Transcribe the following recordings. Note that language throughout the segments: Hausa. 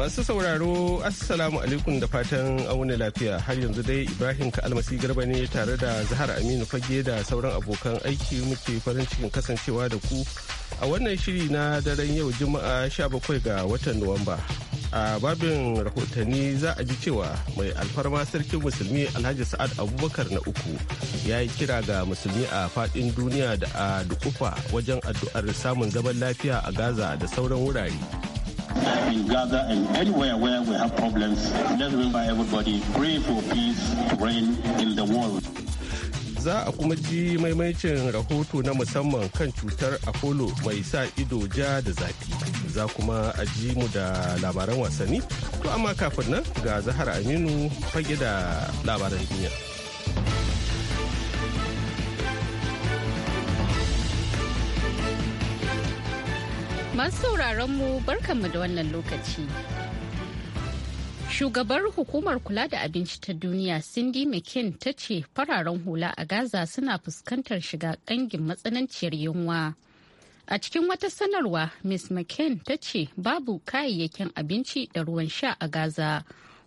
Masu sauraro Assalamu alaikum da fatan auna lafiya har yanzu dai Ibrahim Almasi Garba ne tare da Zahar Aminu Fage da sauran abokan aiki muke farin cikin kasancewa da ku a wannan shiri na daren yau Juma'a 17 ga watan Nuwamba. A babin rahotanni za a ji cewa mai alfarma sarkin musulmi Alhaji Sa'ad Abubakar na uku ya yi kira ga musulmi a fadin duniya da a dukufa wajen addu'ar samun zaman lafiya a Gaza da sauran wurare. Uh, in Gaza and anywhere where we have problems. Let's remember everybody pray for peace to reign in the world. Za a kuma ji maimaicin rahoto na musamman kan cutar Apollo mai sa ido ja da zafi. Za kuma a ji mu da labaran wasanni? To amma kafin nan ga Zahar Aminu fage da labaran duniya. Masu sauraron mu barkanmu da wannan lokaci. Shugabar hukumar kula da abinci ta duniya Cindy McCain ta ce fararen hula a Gaza suna fuskantar shiga kangin matsananciyar yunwa. A cikin wata sanarwa, Ms. McCain ta ce babu kayayyakin abinci da ruwan sha a Gaza,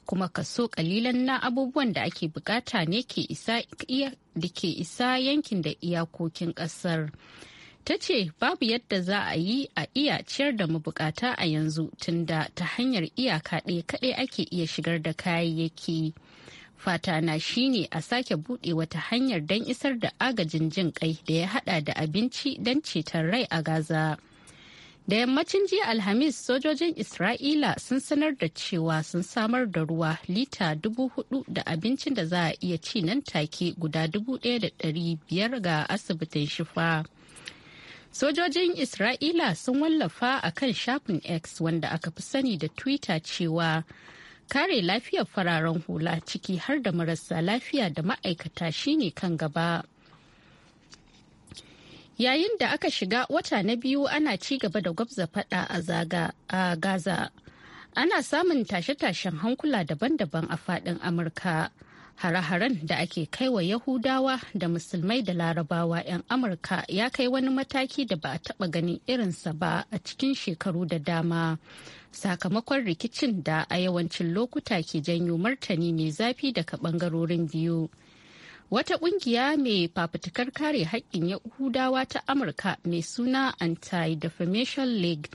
kuma kaso kalilan na abubuwan da ake bukata ne ke isa yankin da iyakokin ƙasar. ta ce babu yadda za a yi a iya ciyar da mabukata a yanzu tunda ta hanyar iyaka ɗaya kaɗai ake iya shigar da kayayyaki fata na shine a sake buɗe wata hanyar don isar da agajin jin kai da ya hada da abinci don ceton rai a gaza da yammacin jiya alhamis sojojin isra'ila sun sanar da cewa sun samar da ruwa lita dubu hudu da abincin da za a iya ci nan take guda dubu daya da dari biyar ga asibitin shifa Sojojin Isra'ila sun wallafa a kan shafin X wanda aka fi sani da Twitter cewa kare lafiyar fararen hula ciki har da marasa lafiya da ma'aikata shine kan gaba. Yayin da aka shiga wata na biyu ana ci gaba da gwabza fada a zaga a Gaza. Ana samun tashe-tashen hankula daban-daban a faɗin Amurka. hare-haren da ake kai wa yahudawa da musulmai da larabawa 'yan amurka ya kai wani mataki da ba a taba ganin irinsa ba a cikin shekaru da dama sakamakon rikicin da a yawancin lokuta ke janyo martani mai zafi daga bangarorin biyu wata ƙungiya mai fafutukar kare haƙƙin yahudawa ta amurka mai suna anti-defamation league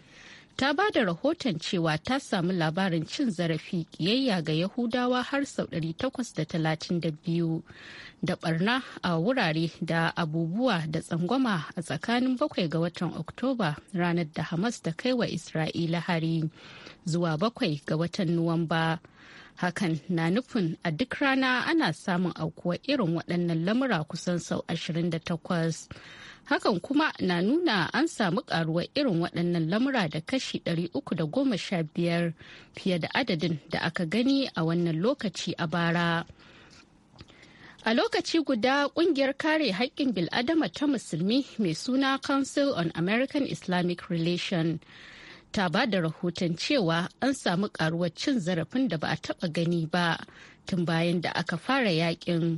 ta ba da rahoton cewa ta samu labarin cin zarafi kiyayya ga yahudawa har sau 832 da barna a wurare da abubuwa da tsangwama a tsakanin bakwai ga watan oktoba ranar da hamas ta kai wa isra'ila hari zuwa bakwai ga watan nuwamba hakan na nufin a duk rana ana samun aukuwa irin waɗannan lamura kusan sau 28 hakan kuma na nuna an samu karuwar irin waɗannan lamura da kashi 315 fiye da adadin da aka gani a wannan lokaci a bara a lokaci guda kungiyar kare haƙƙin bil'adama ta musulmi mai suna council on american islamic relation ta ba da rahoton cewa an samu karuwar cin zarafin da ba a taɓa gani ba tun bayan da aka fara yakin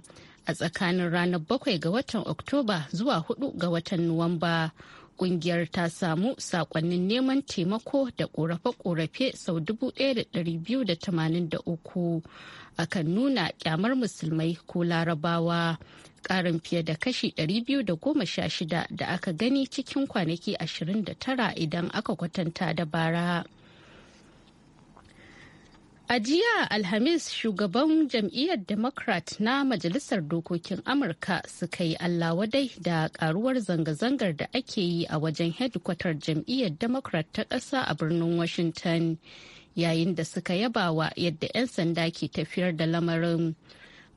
a tsakanin ranar bakwai ga watan oktoba zuwa hudu ga watan nuwamba kungiyar ta samu sakonnin neman taimako da korafe-korafe sau dubu da 1,283 akan nuna kyamar musulmai ko larabawa karin fiye da kashi 216 da aka gani cikin kwanaki 29 idan aka kwatanta da bara. A jiya Alhamis shugaban jam'iyyar Democrat na Majalisar Dokokin Amurka suka yi wadai da karuwar zanga-zangar da ake yi a wajen hedkwatar jam'iyyar Democrat ta ƙasa a birnin Washington yayin da suka yabawa yadda 'yan sanda ke tafiyar da lamarin.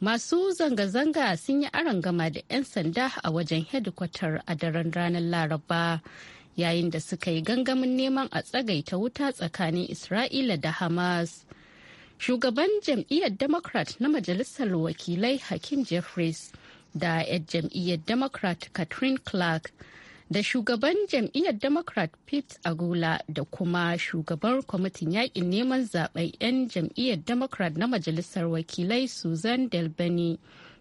Masu zanga-zanga sun yi gama da 'yan sanda a wajen hedkwatar a daren ranar Laraba. yayin da suka yi gangamin neman a tsagaita wuta tsakanin Isra'ila da Hamas. shugaban jam'iyyar democrat na majalisar wakilai hakim jeffries da 'yan jam'iyyar democrat catherine clark da shugaban jam'iyyar democrat pete agula da kuma shugaban kwamitin yakin neman zaben 'yan jam'iyyar democrat na majalisar wakilai susan delbany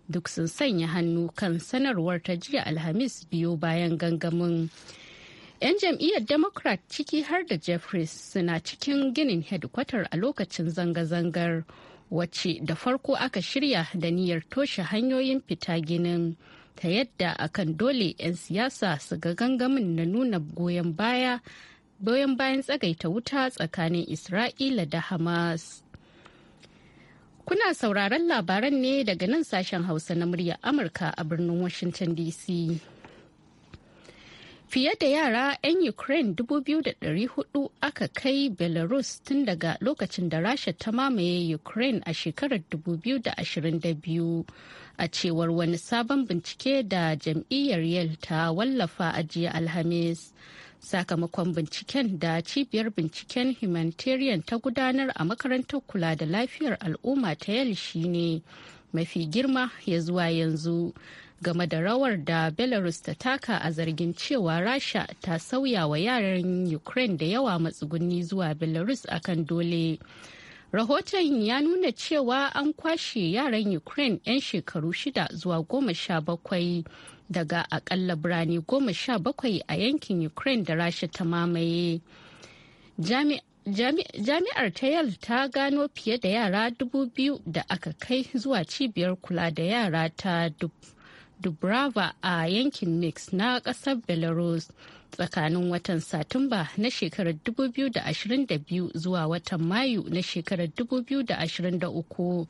duk sun sanya hannu kan sanarwar ta jiya alhamis biyu bayan gangamin. 'Yan jam'iyyar Democrat ciki har da Jeffries suna cikin ginin headquarter a lokacin zanga-zangar wacce da farko aka shirya da niyyar toshe hanyoyin fita ginin ta yadda akan dole 'yan siyasa su ga gangamin na nuna goyon baya goyon bayan tsagaita wuta tsakanin Isra'ila da Hamas. Kuna sauraron labaran ne daga nan sashen Hausa na murya Amurka a birnin Washington DC. Fiye da yara 'yan Ukraine 2,400 aka kai Belarus tun daga lokacin da Rasha ta mamaye Ukraine a shekarar 2022 a cewar wani sabon bincike da jam'iyyar Yale ta wallafa a jiya Alhamis. Sakamakon binciken da cibiyar binciken humanitarian ta gudanar a makarantar kula da lafiyar al'umma ta Yale shine mafi girma ya zuwa yanzu. game da rawar da belarus ta taka a zargin cewa rasha ta sauya wa yaran ukraine da yawa matsuguni zuwa belarus akan dole rahoton ya nuna cewa an kwashe yaran ukraine 'yan shekaru shida zuwa goma sha bakwai daga akalla birane goma sha bakwai a yankin ukraine da rasha ta mamaye jami'ar ta yal ta gano fiye da yara dubu biyu da aka kai zuwa cibiyar kula da yara ta dubu. dubrava a yankin Nix na kasar belarus tsakanin watan satumba na shekarar 2022 zuwa watan mayu na shekarar 2023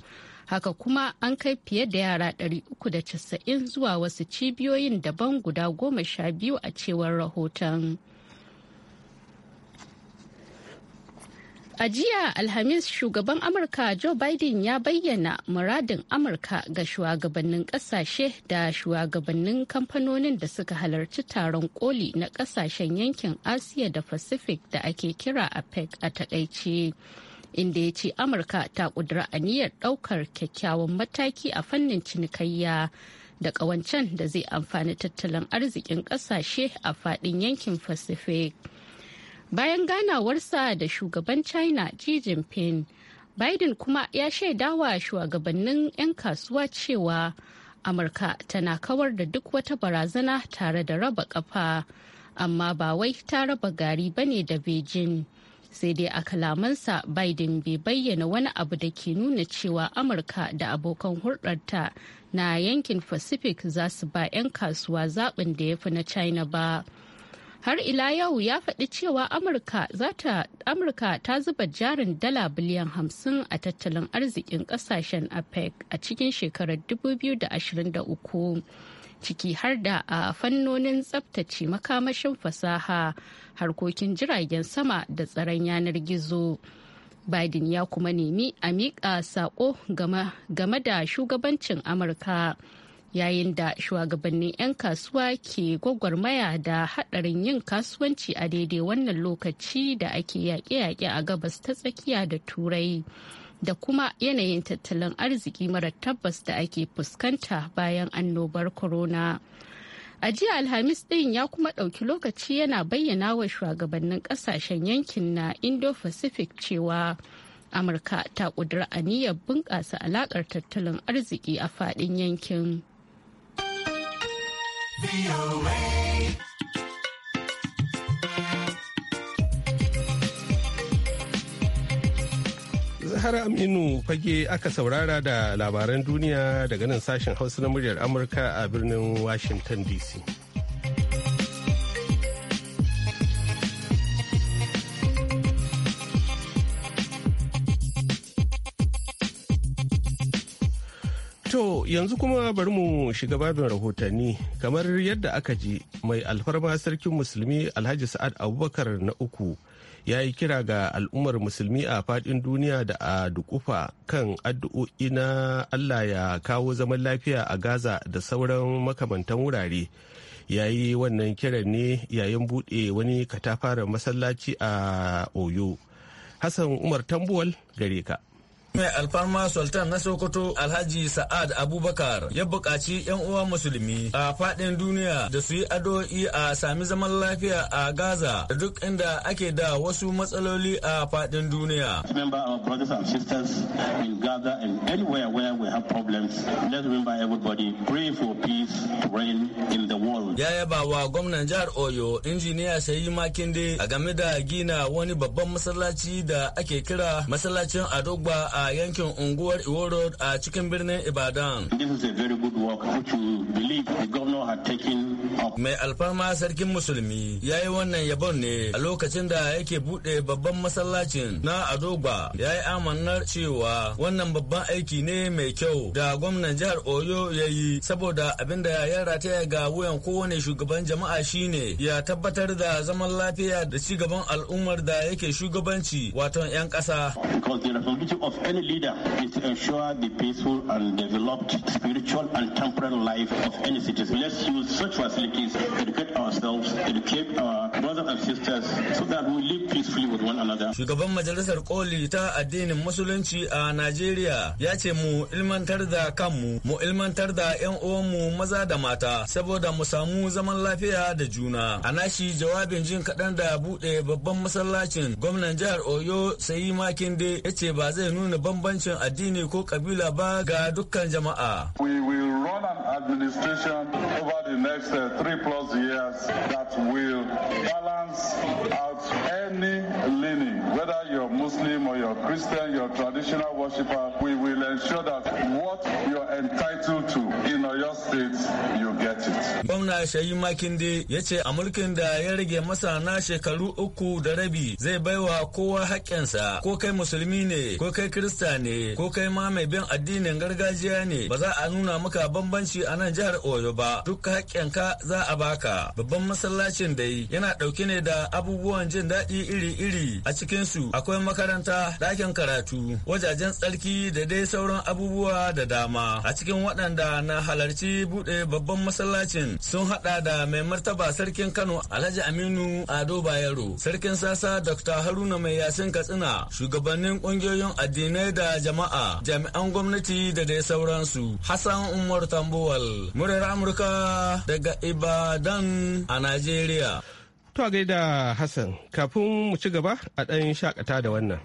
haka kuma an kai fiye da yara 390 zuwa wasu cibiyoyin daban guda goma sha biyu a cewar rahoton. A jiya Alhamis shugaban Amurka Joe Biden ya bayyana muradin Amurka ga shugabannin kasashe da shugabannin kamfanonin da suka halarci taron koli na kasashen yankin Asiya da Pacific da ake kira APEC a e takaice. Inda ya ce Amurka ta kudura niyyar daukar kyakkyawan mataki a fannin cinikayya da ƙawancen da zai amfani tattalin arzikin kasashe a faɗin yankin Pacific. bayan ganawarsa da shugaban china xi jinping biden kuma ya shaidawa shugabannin 'yan kasuwa cewa amurka tana kawar da duk wata barazana tare da raba kafa amma ba wai ta raba gari bane da beijing sai dai a kalamansa biden bai bayyana wani abu da ke nuna cewa amurka da abokan hulɗarta na yankin pacific za su ba 'yan kasuwa zaɓin da ya fi na china ba har ila yau ya faɗi cewa amurka ta zuba jarin dala biliyan hamsin a tattalin arzikin ƙasashen apec a cikin shekarar 2023 ciki har da a fannonin tsabtace makamashin fasaha harkokin jiragen sama da tsaron yanar gizo biden ya kuma nemi a miƙa saƙo game da shugabancin amurka yayin da shugabannin 'yan kasuwa ke gwagwarmaya da haɗarin yin kasuwanci a daidai wannan lokaci da ake yaƙe-yaƙe a gabas ta tsakiya da turai da kuma yanayin tattalin arziki mara tabbas da ake fuskanta bayan annobar corona. a jiya alhamis din ya kuma ɗauki lokaci yana bayyana wa shugabannin ƙasashen yankin na indo-pacific cewa amurka ta ƙudura aniyar bunƙasa alaƙar tattalin arziki a faɗin yankin Zahara Aminu fage aka saurara da labaran duniya daga nan sashen hausa na muryar Amurka a birnin Washington DC. To yanzu kuma bari mu shiga babin rahotanni kamar yadda aka ji mai alfarma sarkin musulmi Alhaji Sa'ad Abubakar na uku ya yi kira ga al'ummar musulmi a fadin duniya da a dukufa kan addu'o'i na Allah ya kawo zaman lafiya a Gaza da sauran makamantan wurare. Ya yi wannan kiran ne yayin buɗe wani katafaren masallaci a Oyo. Hassan Umar Tambuwal gare ka. Mai alfarma Sultan na Sokoto Alhaji Sa'ad Abubakar ya buƙaci 'yan uwa musulmi a faɗin duniya da su yi addu'o'i a sami zaman lafiya a Gaza da duk inda ake da wasu matsaloli a faɗin duniya. Ya yaba wa gwamnan jihar Oyo injiniya Sayi Makinde a game da gina wani babban masallaci da ake kira masallacin Adogba a a yankin unguwar iworo a cikin birnin Ibadan. Mai alfarma sarkin musulmi ya yi wannan yabon ne a lokacin da yake buɗe babban masallacin na Adogba ya yi amannar cewa wannan babban aiki ne mai kyau da gwamnan jihar Oyo ya yi saboda abin da ya rataya ga wuyan kowane shugaban jama'a shine ya tabbatar da zaman lafiya da cigaban al'ummar da yake shugabanci waton 'yan ƙasa. any leader is ensure the peaceful and developed spiritual and temporal life of any citizen. Let's use such facilities to educate ourselves, educate our brothers and sisters, so that we live peacefully with one another. Shugaban Majalisar Koli ta addinin Musulunci a Najeriya ya ce mu ilmantar da kanmu, mu ilmantar da 'yan uwanmu maza da mata, saboda mu samu zaman lafiya da juna. A nashi jawabin jin kaɗan da buɗe babban masallacin gwamnan jihar Oyo Sayi Makinde ya ce ba zai nuna bambancin addini ko kabila ba ga dukkan jama'a. We will run an administration over the next uh, three plus years that will balance out any leaning, whether you're Muslim or you're Christian, you're traditional worshiper, we will ensure that what you're entitled to in your state, you get it. Gwamna Shayi Makinde ya ce a mulkin da ya rage masa na shekaru uku da rabi zai baiwa kowa haƙƙinsa ko kai musulmi ne ko kai kirista ne ko kai ma mai bin addinin gargajiya ne ba za a nuna maka bambanci a nan jihar Oyo ba duk haƙƙinka za a baka babban masallacin dai yana ɗauke ne da abubuwan jin daɗi iri-iri iri a cikinsu akwai makaranta ɗakin karatu wajajen tsarki da dai sauran abubuwa da dama a cikin waɗanda na halarci buɗe babban masallacin sun haɗa da mai martaba sarkin kano alhaji aminu ado bayero sarkin sasa dr haruna mai yasin katsina shugabannin ƙungiyoyin addinai da jama'a jami'an gwamnati da dai sauran su hassan umar tambuwal muryar amurka daga ibadan a najeriya To a gaida Hassan, kafin mu ci gaba a ɗan shakata da wannan.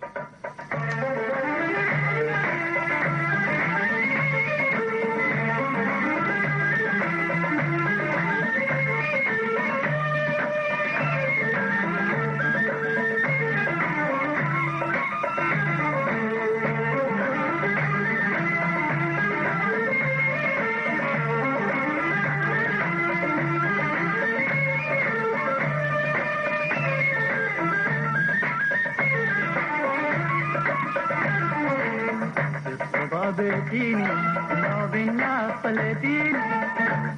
بيتيني نوب النار طلعتيني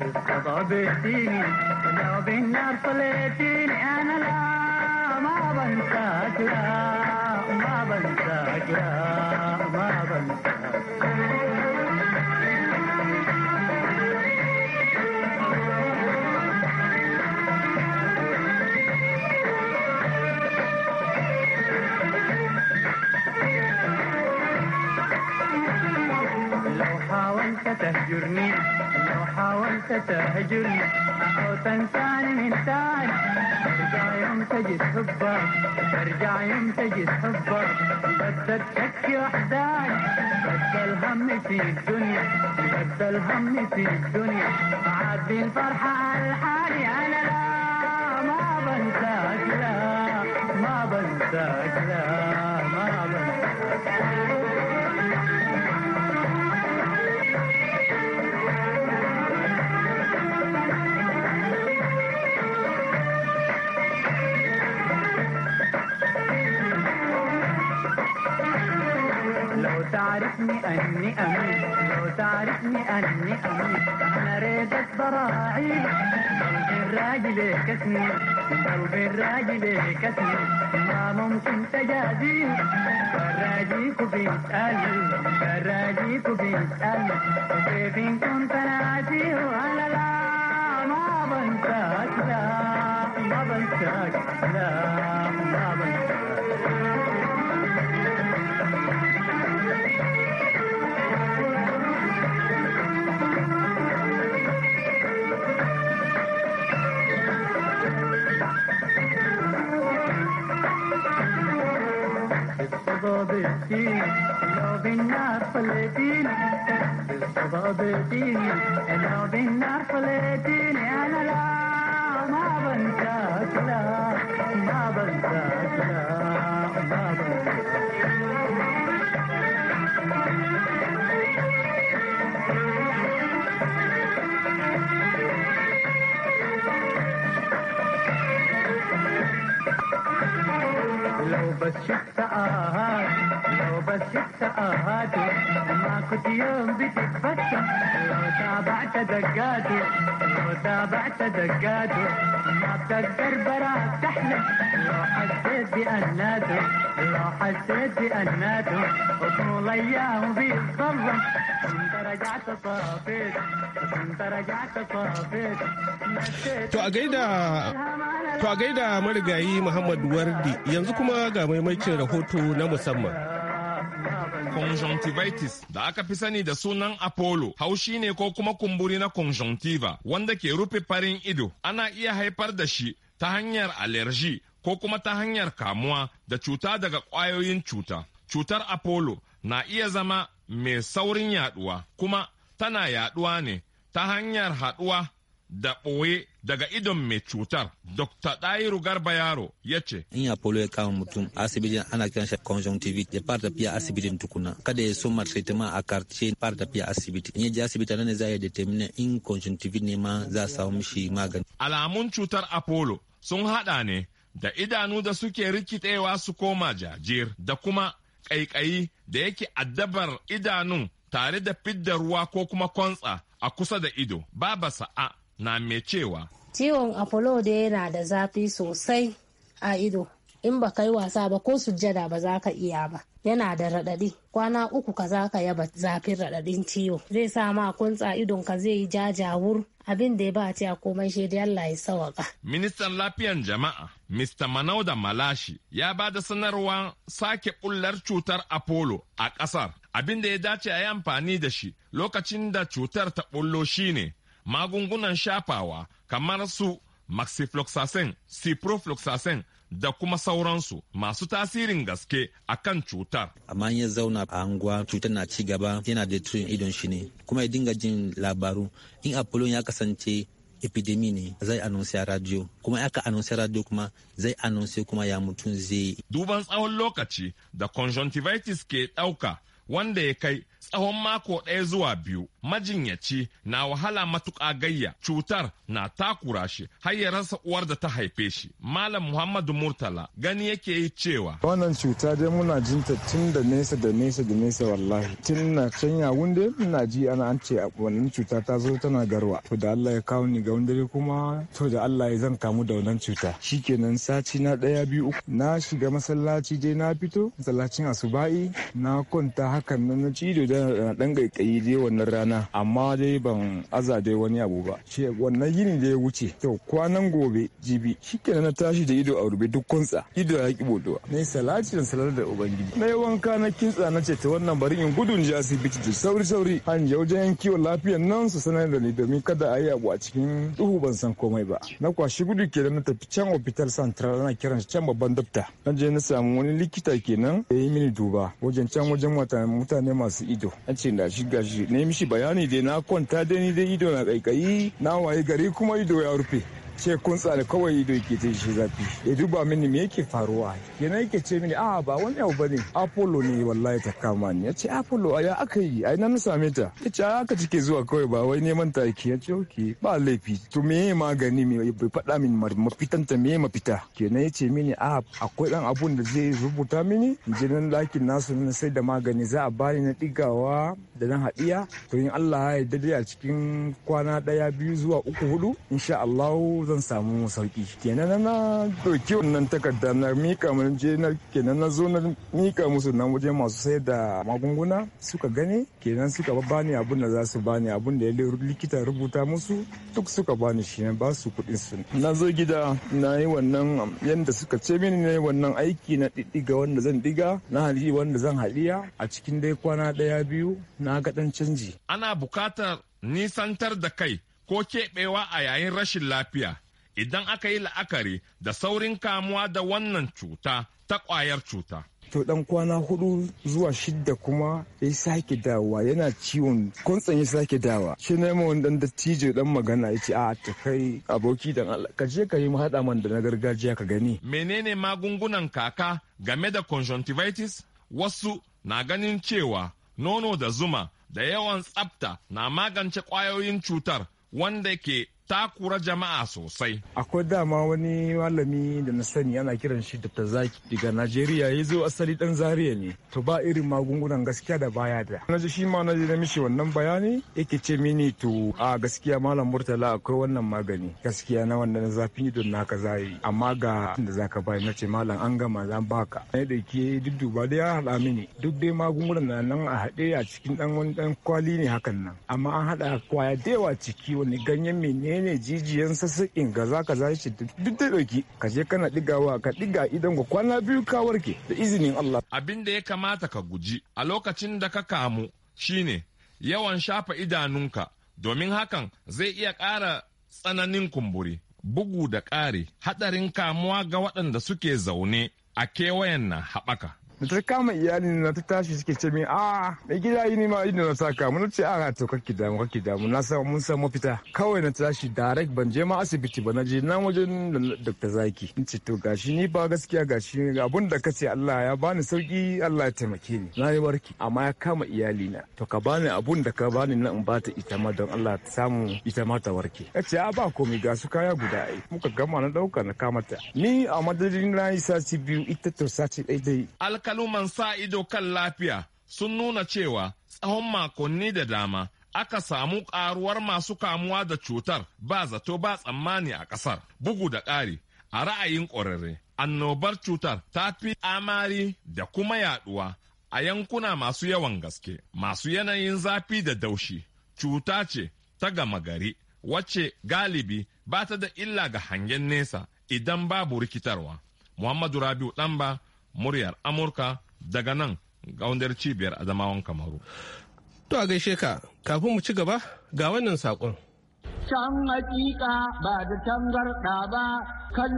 القضاء بيتيني نوب النار طلعتيني أنا لا ما بنساك لا ما بنساك لا ما بنساك حاولت تهجرني لو حاولت تهجرني أو تنساني من ثاني ارجع يوم تجد حبك ارجع يوم تجد حبك بدل تكفي وحداني بدل همي في الدنيا بدل هم في الدنيا عاد الفرحة على حالي أنا لا ما بنساك لا ما بنساك لا تعرفني أني أمين لو تعرفني أني أمين أنا ريد أكبر قلبي الراجل كسني قلبي الراجل كسني ما ممكن تجازيه فراجيك بيسألني فراجيك بيسألني وكيف إن كنت ناسيه أنا لا ما بنساك لا ما بنساك لا الصبابتين لو بالنافلتين الصبابتين لو بالنافلتين أنا لا ما بنساك لا ما بنساك لا ما بنساك لو بس شفت بس اهاته ما كنت يوم بتتفتح لو تابعت دقاته لو تابعت دقاته ما بتقدر براك تحلم لو حسيت بأناته لو حسيت بأناته وطول ايام بيتظلم To a gaida marigayi Muhammad Wardi yanzu kuma ga maimakin rahoto na musamman. conjunctivitis da aka fi sani da sunan apollo haushi ne ko kuma kumburi na conjunctiva wanda ke rufe farin ido ana iya haifar da shi ta hanyar alerji ko kuma ta hanyar kamuwa da cuta daga ƙwayoyin cuta cutar apollo na iya zama mai saurin yaduwa kuma tana yaduwa ne ta hanyar haduwa da ɓoye daga idon mai cutar. Dr. Dairu Garba Yaro ya ce. In ya polo ya kama mutum asibitin ana kiran shi conjunctivitis ya fara tafiya asibitin tukuna. Kada ya soma treatment a karshe fara tafiya asibiti. In ya je asibiti nan ne za a determine in conjunctivitis ne ma za a samu mishi magani. Alamun cutar Apollo sun haɗa ne da idanu da suke rikitsewa su koma jajir da kuma ƙaiƙayi da yake addabar idanun tare da fidda ruwa ko kuma kwantsa a kusa da ido. Baba sa'a na mai cewa ciwon apollo da yana da zafi sosai a ido in ba yi wasa ba ko sujjada ba za ka iya ba yana da raɗaɗi kwana uku ka za ka yaba zafin raɗaɗin ciwo zai sa ma kuntsa idon ka zai yi jajawur abin da ya ba ta komai shi da Allah ya sawaka. Ministan lafiyan jama'a Mr. Manauda Malashi ya ba da sanarwa sake bullar cutar Apollo a ƙasar. Abin da ya dace a yi amfani da shi lokacin da cutar ta bullo shine magungunan shafawa kamar su maxifloxacin ciprofloxacin da kuma sauransu masu tasirin gaske a kan cutar. Amma ya zauna a anguwa cutar na ci gaba yana da idon shi ne kuma ya dinga jin labaru in apollon ya kasance epidemi ne zai anunsi a radio kuma aka anunsi radio kuma zai anunsi kuma ya mutum zai duban tsawon lokaci da conjunctivitis ke ɗauka wanda ya kai tsawon mako ɗaya zuwa biyu majinyaci na wahala matuƙa gayya cutar na takura shi har ya rasa uwar da ta haife shi malam muhammadu murtala gani yake yi cewa wannan cuta dai muna jinta tun da nesa da nesa da nesa wallahi tun na canya wunde muna ji ana an ce wannan cuta ta zo tana garwa to da Allah ya kawo ni ga wundare kuma to da Allah ya zan kamu da wannan cuta shikenan sati na ɗaya biyu uku na shiga masallaci dai na fito masallacin asuba'i na kwanta hakan na ci da dan eh, gaikayi dai wannan rana amma dai ban aza dai wani abu ba ce wannan yini da ya wuce to kwanan gobe jibi shikenan na tashi da ido a rube duk kunsa ido ya ki bodowa nayi salati da salar da ubangiji na yi wanka na kintsa na ce ta wannan bari in gudun ji asibiti da sauri sauri an je wajen kiwon lafiyan nan su sanar da ni domin kada a yi abu a cikin duhu ban san komai ba na kwashi gudu kenan na tafi can hospital central na kiran can babban dafta na je na samu wani likita kenan ya yi mini duba wajen can wajen mutane masu ido an ce na shi gashi ne mishi bayani dai na kwanta da ni da ido na kaikayi na waye gari kuma ido ya rufe ce kun da kawai ido yake ta shi zafi ya duba mini me yake faruwa kenan yake ce mini a ah, ba wani abu bane apollo ne wallahi ta kama ni ya ce apollo a ya aka yi a na same ta ya ce aka cike zuwa kawai ba wai neman ta ya ce ok ba laifi to me magani me bai faɗa min mafitan ta me mafita kenan ya ce mini a ah, akwai dan abun da zai rubuta mini je nan ɗakin nasu na sai da magani za a bani na ɗigawa da na haɗiya to in Allah ya yarda a cikin kwana ɗaya biyu zuwa uku hudu insha Allah zan samu sauki kenan na doki wannan takarda na mika mun je na kenan na zo na mika musu na waje masu sayar da magunguna suka gane kenan suka bani abun da za su bani abun da ya likita rubuta musu duk suka bani shi ne ba su kudin su na zo gida na yi wannan yadda suka ce mini ne wannan aiki na diddiga wanda zan diga na hali wanda zan haliya a cikin dai kwana ɗaya biyu na ga dan canji ana bukatar nisantar da kai ko keɓewa a yayin rashin lafiya idan aka yi la'akari da saurin kamuwa da wannan cuta ta ƙwayar cuta. to dan kwana hudu zuwa shidda kuma ya sake dawa yana ciwon kuntsan ya sake dawa shi ne ma wani dan dattijo dan magana ya ce a ta kai aboki dan Allah ka je ka yi haɗa man da na gargajiya ka gani menene magungunan kaka game da conjunctivitis wasu na ganin cewa nono da zuma da yawan tsafta na magance ƙwayoyin cutar wanda ke takura jama'a sosai. Akwai dama wani malami da na sani ana kiran shi da zaki daga Najeriya ya zo asali dan Zaria ne. To ba irin magungunan gaskiya da baya da. Na ji shi ma na ji na mishi wannan bayani yake ce mini to a gaskiya malam Murtala akwai wannan magani. Gaskiya na wannan zafin idon naka yi. amma ga da za ka bayar na ce malam an gama zan baka. Na da ke dudduba da ya haɗa mini duk dai magungunan na nan a haɗe a cikin ɗan wani dan kwali ne hakan nan amma an haɗa kwaya da yawa ciki wani ganyen mene menene jijiyan sassaƙin ga za ka zashi duk da ɗauki ka je kana ɗigawa ka ɗiga idan ga kwana biyu ka warke da izinin Allah. Abin da ya kamata ka guji a lokacin da ka kamu shine yawan shafa idanunka domin hakan zai iya ƙara tsananin kumburi. Bugu da ƙari, haɗarin kamuwa ga waɗanda suke zaune a kewayen na haɓaka. da ta kama iyalin na ta tashi suke ce min a ah, mai gida yi ma inda na saka mun ce a ah, to kake damu kake damu na san mun san mafita kawai na tashi direct ban je ma asibiti ba na je na wajen Dr. Zaki in ce to gashi ni ba gaskiya gashi abun da kace Allah ya bani sauki Allah ya taimake ni na yi warki amma ya kama iyali na to ka bani abun da ka bani na in bata ita ma don Allah ta samu ita ma ta warke ya ce a ah, ba komai ga su kaya guda ai muka gama na dauka na kamata ni a madadin na yi sati biyu ita to sati ɗaya dai Kaluman sa ido kan lafiya sun nuna cewa tsawon makonni da dama aka samu karuwar masu kamuwa da cutar ba zato ba tsammani a ƙasar. Bugu da ƙari, a ra'ayin ƙwararre, annobar cutar ta fi amari da kuma yaɗuwa a yankuna masu yawan gaske, masu yanayin zafi da daushi. Cuta ce ta gama gari, wacce galibi ba ta da illa ga hangen nesa idan babu rikitarwa. Muhammadu Rabiu Ɗanba, muryar Amurka daga nan gaundar cibiyar Adamawan Kamaru. To a gaishe ka, kafin mu ci gaba ga wannan saƙon. Can hakika ba da tangarɗa ba, kan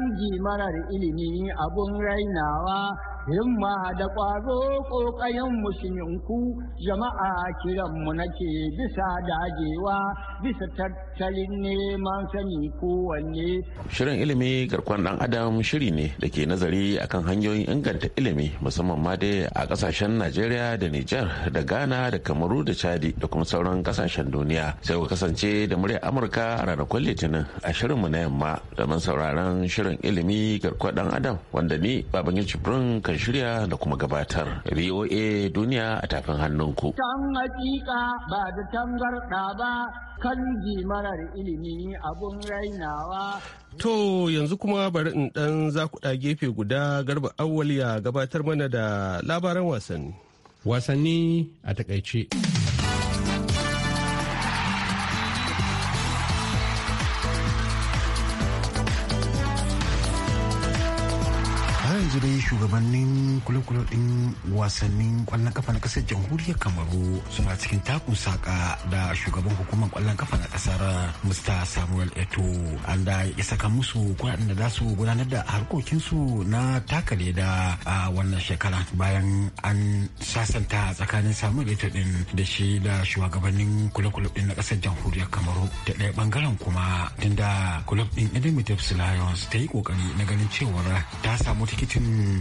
marar ilimi abun rainawa himma da ƙwazo ƙoƙayen musulminku jama'a kiranmu nake bisa dagewa bisa tattalin neman sani kowanne. Shirin ilimi garkon dan adam shiri ne da ke nazari akan hanyoyin inganta ilimi musamman ma dai a kasashen Najeriya da Nijar da Ghana da Kamaru da Chadi da kuma sauran kasashen duniya. Sai ku kasance da murya Amurka a ranakun Litinin a shirin mu na yamma domin sauraron shirin ilimi garkon dan adam wanda ni Babangin Cibrin kan shirya da kuma gabatar. VOA duniya a tafin hannunku. Can hakika ba da tangarɗa ba kan marar ilimi abun rainawa. To yanzu kuma bari in ɗan zakuɗa gefe guda garba awwal ya gabatar mana da labaran wasanni. Wasanni a takaice. yanzu dai shugabannin kule-kule din wasannin kwallon kafa na kasar jamhuriyar kamaru suna cikin takun saka da shugaban hukumar kwallon kafa na kasar mr samuel eto an da ya saka musu kuɗaɗen da za su gudanar da harkokinsu na taka leda a wannan shekara bayan an sasanta tsakanin samuel eto din da shi da shugabannin kule din na kasar jamhuriyar kamaru da ɗaya bangaren kuma tunda kulub din edemitabs lions ta yi kokari na ganin cewar ta samu tikitin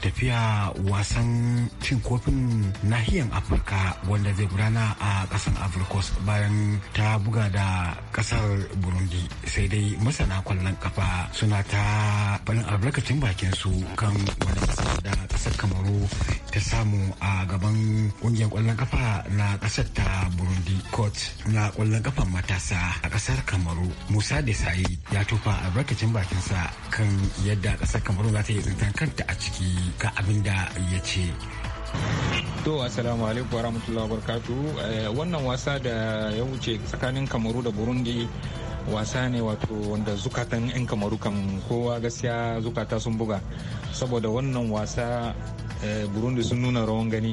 tafiya wasan cin kofin nahiyan afirka wanda zai gudana a kasar afirkos bayan ta buga da kasar burundi sai dai masana kwallon kafa suna ta faɗin albarkacin bakin su kan wani kasar da kasar kamaru ta samu a gaban ƙungiyar kwallon kafa na kasar ta burundi court na kwallon kafa matasa a kasar kamaru musa desayi ya tufa albarkacin bakinsa kan yadda kasar kamaru za ta yi tsintan kanta a ciki ga abin da ya ce To assalamu alaikum wa rahmatullahi wa eh, wannan wasa da ya wuce tsakanin kamaru da burundi wasa ne wato wanda zukatan 'yan kamaru kan kowa gaskiya zukata sun buga saboda wannan wasa eh, burundi sun nuna rawan gani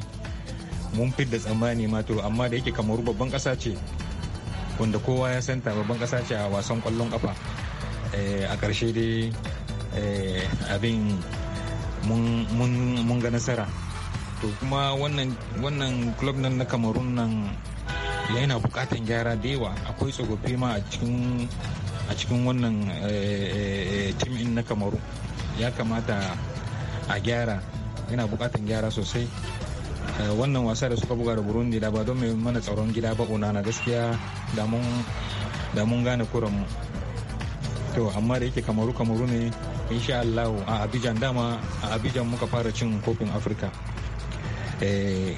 mun fidda tsammani mato to amma da yake kamaru babban kasa ce wanda kowa ya santa babban kasa ce a wasan kwallon kafa eh, a ƙarshe dai abin mun ga nasara to kuma wannan club nan na kamarun nan yana bukatan gyara da yawa akwai tsofaffi ma a cikin wannan eh, eh, tim in na kamaru ya kamata a gyara yana bukatan gyara sosai eh, wannan wasa da suka buga da burundi da ba don mai mana tsaron gida ba na gaskiya da mun gane kuranmu to amma da yake kamaru kamaru ne insha Allah a Abidjan dama a Abidjan muka fara cin kofin Afirka eh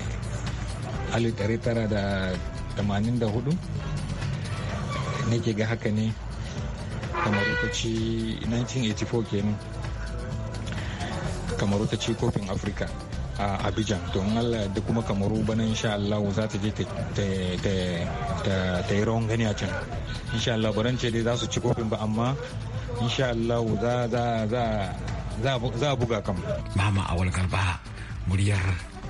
1984 nake ga haka ne kamar ta ci 1984 kenan kamaru ta ci kofin afirka a abidjan don allah da kuma kamaru bana insha Allah za ta je ta yi rawan gani a can insha Allah baran ce dai za su ci kofin ba amma insha Allah za za za za buga kam mama awal garba muryar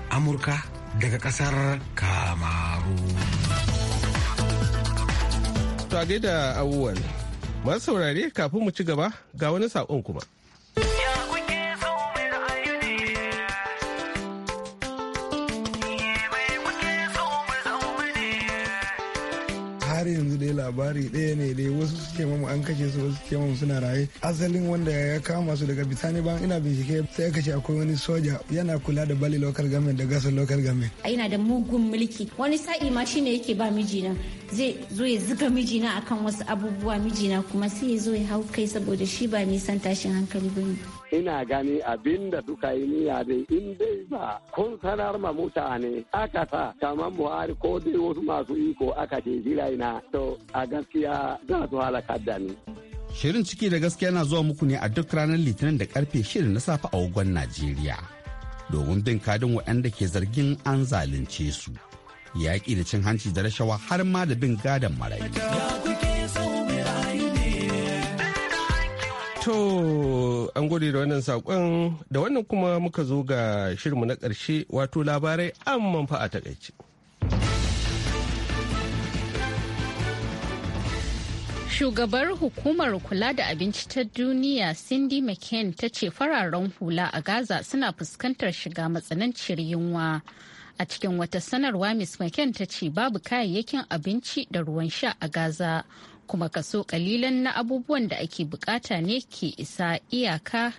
amurka daga kasar kamaru to da awuwal masu saurare kafin mu ci gaba ga wani saƙon kuma har yanzu dai labari ɗaya ne dai wasu suke mamu an kashe su wasu suke mamu suna raye asalin wanda ya kama su daga bisani ban ina bincike sai aka ce akwai wani soja yana kula da bali local government da gasar local government yana da mugun mulki wani sa'i ma shine yake ba mijina zai zo ya zuga mijina akan wasu abubuwa mijina kuma sai ya zo ya hau kai saboda shi ba nisan tashin hankali bane ina gani abin da suka yi niya dai in dai ba kun sanar ma mutane aka sa kamar buhari ko dai wasu masu iko aka ce jira ina to a gaskiya za su halaka da ni. Shirin ciki da gaskiya na zuwa muku ne a duk ranar litinin da karfe shirin na safe a wagon Najeriya. Domin bin kadin waɗanda ke zargin an zalunce su. Yaƙi da cin hanci da rashawa har ma da bin gadon marayu. To, an gode da wannan saƙon da wannan kuma muka zo ga shirinmu na ƙarshe wato labarai an fa a takaice. Shugabar hukumar kula da abinci ta duniya Cindy McCain ta ce fararen hula a Gaza suna fuskantar shiga matsananciyar yunwa. A cikin wata sanarwa Ms. McCain ta ce babu kayayyakin abinci da ruwan sha a Gaza kuma kaso kalilan na abubuwan da ake bukata ne ke isa iyaka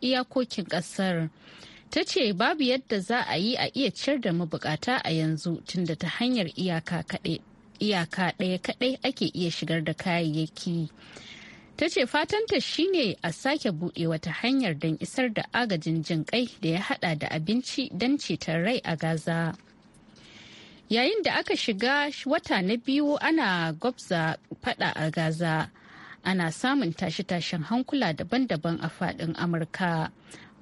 iyakokin kasar ta ce babu yadda za a yi a iya ciyar da mabukata a yanzu tunda ta hanyar iyaka kaɗai iyaka ɗaya kaɗai ake iya shigar da kayayyaki ta ce fatanta shine a sake buɗe wata hanyar don isar da agajin jin da ya hada da abinci don ceton rai a gaza yayin da aka shiga wata na biyu ana gwabza fada a gaza ana samun tashe-tashen hankula daban-daban a fadin amurka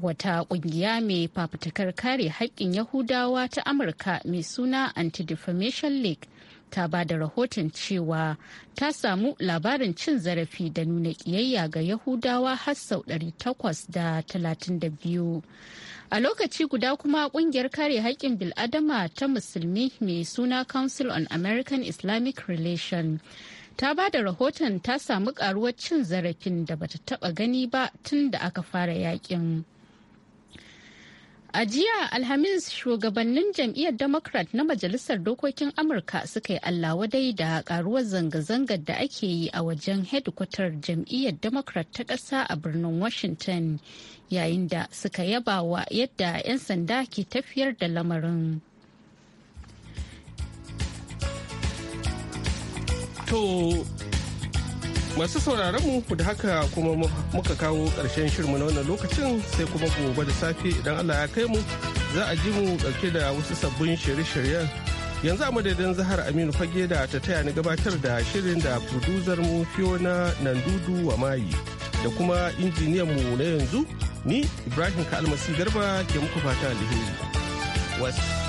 wata kungiya mai fafutukar kare haƙƙin yahudawa ta amurka mai suna anti-defamation league ta ba da rahoton cewa ta samu labarin cin zarafi da nuna ƙiyayya ga yahudawa har sau 832 A lokaci guda kuma kungiyar kare haƙƙin bil'adama ta musulmi mai suna Council on American Islamic Relation ta ba da rahoton ta samu karuwar cin zarafin da bata taɓa gani ba tun da aka fara yakin. A jiya Alhamis shugabannin jam'iyyar Democrat na Majalisar Dokokin Amurka suka yi allawadai da karuwar zanga-zangar da ake yi a wajen hedikwatar jam'iyyar Democrat ta ƙasa a birnin Washington yayin da suka yaba wa yadda 'yan sanda ke tafiyar da lamarin. To Masu sauraron mu da haka kuma muka kawo ƙarshen shirmu na wannan lokacin sai kuma gobe da safe idan Allah ya kai mu za a ji mu ɗauke da wasu sabbin shirye-shiryen. Yanzu a madadin Zahar Aminu Fage da ta taya ni gabatar da shirin da produzar mu Fiona Nandudu wa Mayi da kuma injiniyan mu na yanzu ni Ibrahim ka Almasi Garba ke muku fata alheri. Wasu.